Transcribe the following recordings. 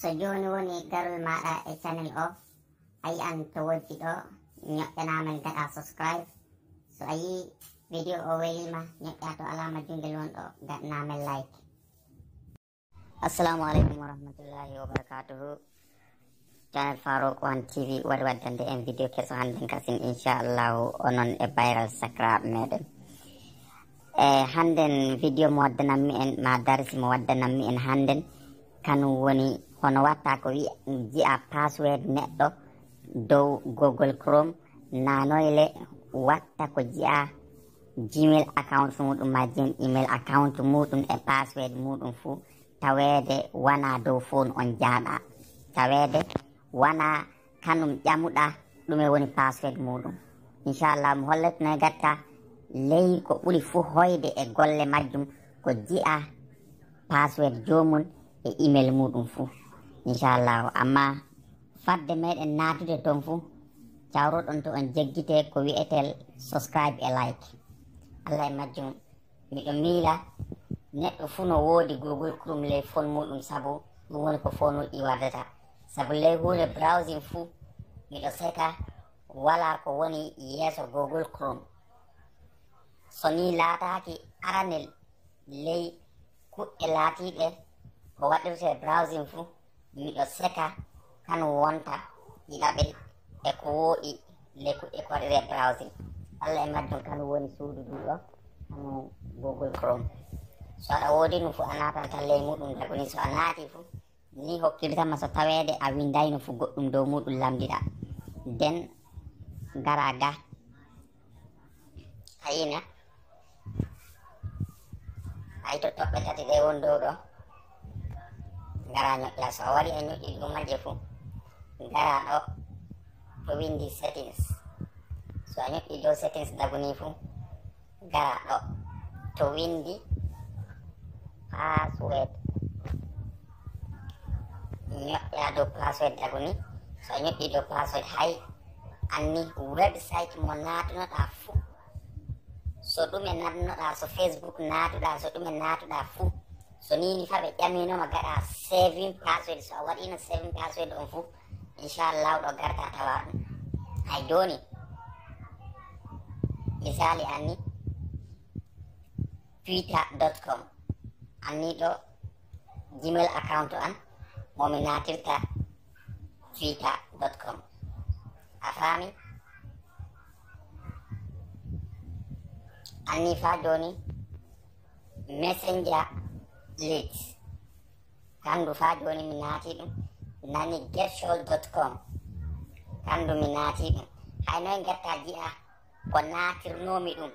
so joni woni garol maɗa e channel of a yi'an to woddi ɗo ñoɗɗanamen gaɗa subscribe so a yi video o weyilma ñoƴƴa to alama jungel won ɗo gaɗanamen like assalamu aleykum warahmatullahi wabarakatuhu channel farouk on tv wari waddande en video keso hannden kasin inchallahu onon e bayral sacrabe meɗen e hannden video mo waddanammi en ma darsi mo waddanammi en hannden kanum woni hono watta ko wi jiya password neɗɗo dow google chrome nanoyle watta ko jiya gmail account muɗum ma jen email account muɗum e password muɗum fuu tawede wana dow phone on jaaɗa tawede wana kanum ƴamuɗa ɗume woni password muɗum inchallah mi holletnoy gatta ley ko ɓuri fuu hoyde e golle majjum ko jiya password jomum e email muɗum fuu inchallahu amma fadde meɗen naatude toon fu cawroɗon to on jeggite ko wi'etel subscribe e like allah e majjum miɗo miila neɗɗo fuu no woodi google crom ley fon muɗum sabu ɗum woni ko fonuɗi waddata sabu ley hunde browsing fuu miɗo seka wala ko woni yeeso google crom so ni laataaki arane ley kuɗɗe laatiiɗe ko waɗirte browsing fuu ɗiɗo seka kan wonta ɗiɗaɓel e ko wooɗi eko waɗire browsing allah e majjum kan woni suudu ɗuɗo kan google chrome so aɗa woodi nu fu a natanta ley e muɗum dagoni so a naati fu ni hokkirtama so tawede a windayno fu goɗɗum dow muɗum lamdiɗa nden gara ga ayina ay to toɓɓe tati ɗe won dow ɗo dara neɗɗo so a waɗi e neɗɗi ɗumaje fuu dara ɗo ɗo windi settings so a neɗɗi dow settings daguni fuu dara ɗo to windi paswed neɗɗa dow paswed daguni so a neɗɗi dow paswed hay anni website mo naatunoɗa fuu so ɗume naatunoɗa so facebook naatuɗa so ɗume naatuɗa fuu so nini fa ɓe ƴaminoma gaɗa sevin paswel so a waɗino sevin paswel on fuu inchallahu ɗo garta tawa ɗum hay doni misali anni twitter dot com anni ɗo gimel account an momi natirta twitter dot com a fami anni fa joni messenger blit kandu fa joni mi naati ɗum nani getshol dot com kandu mi naati ɗum haynoye gerta di'a ko natirnomi ɗum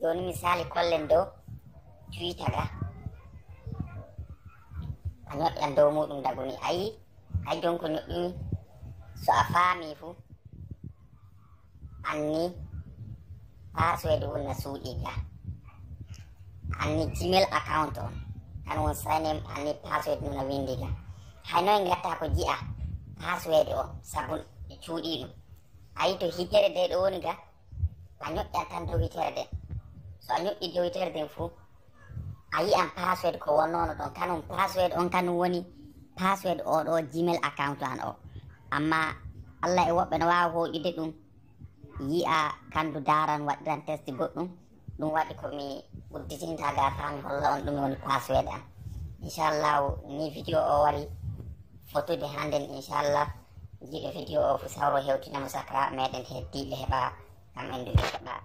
joni mi sali kollen dow juita ga a ñoƴƴan dow muɗum dagumi ayi hay jonko ñoƴƴumi so a faami fu anni paswede wonna suuɗi ga anni jimel account on hano won sinim ani password nuna windiga haynoye gatta ko jiya password o sabun e cuuɗi ɗum ayi to hitere nde ɗo woni ga a ñoƴƴan tan dow hitere nden so a ñoƴƴi dow hitere nden fuu a yiyan password ko wonnono ɗon kanum password on kanum woni password o ɗo gmail account an o amma allah e woɓɓe no wawa hoƴude ɗum yiya kandu daran waɗiran testi goɗɗum ɗum waɗi ko mi udditinta ga tan holla on ɗum woni password an inchallahu ni video o wari fotude hannden inchallah jiɗo video o fu sawro hewtinama sakra meɗen heddiɓe heɓa kam en ndu heɓa nafa